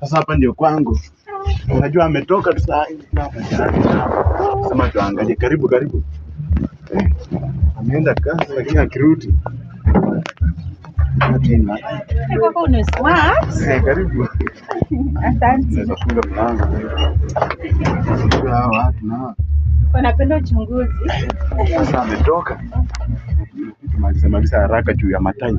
Sasa hapa ndio kwangu. Unajua ametoka tu saa hii hapa Sema tuangalie karibu karibu. Eh, ameenda kazi lakini akirudi. Eh, karibu. Asante. wanapenda uchunguzi. Sasa ametoka. Tumalize maliza haraka juu ya matai.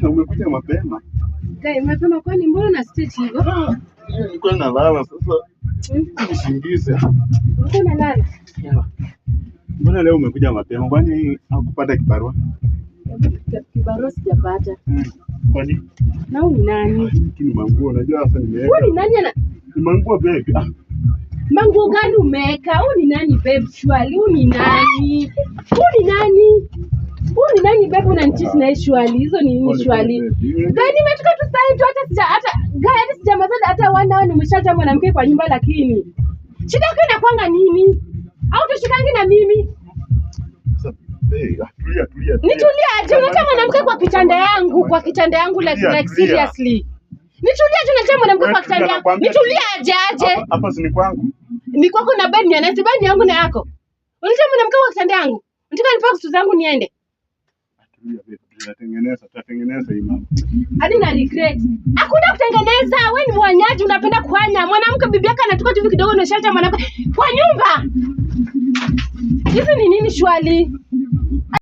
Bwana, umekuja mapema. Kai mapema kwani mbona na stage hivyo? Niko na lala sasa. Nisingize. Hmm. Ulikuwa unalala? Mbona leo umekuja mapema? Kwani hakupata kibarua? Kibarua sijapata. Hmm. Kwani? Na wewe ni nani? Kini manguo unajua sasa nimeweka. ni nani ana? Ni manguo baby. Ah. Manguo gani umeweka? Wewe ni nani babe? Shwali, wewe ni nani? Wewe ni nani? babu na nchi ah. sina shwali hizo ni nini shwali gani nimetoka tu sasa hivi hata sija hata gani hata sijamaliza hata one hour nimeshata mwanamke kwa nyumba lakini shida yako inakwanga nini au tushikangi na mimi nitulia aje unatia mwanamke kwa kitanda yangu kwa kitanda yangu like like seriously nitulia aje unatia mwanamke kwa kitanda yangu nitulia aje aje hapa si ni kwangu ni kwako na bani ya nasi bani yangu na yako unatia mwanamke kwa kitanda yangu nataka nipa kutu zangu niende hadi na regret. Hakuna kutengeneza, wewe ni mwanyaji unapenda kuhanya. Mwanamke bibi yako anatoka tu kidogo na shelter mwanamke. Kwa nyumba. Hizi ni nini shwali?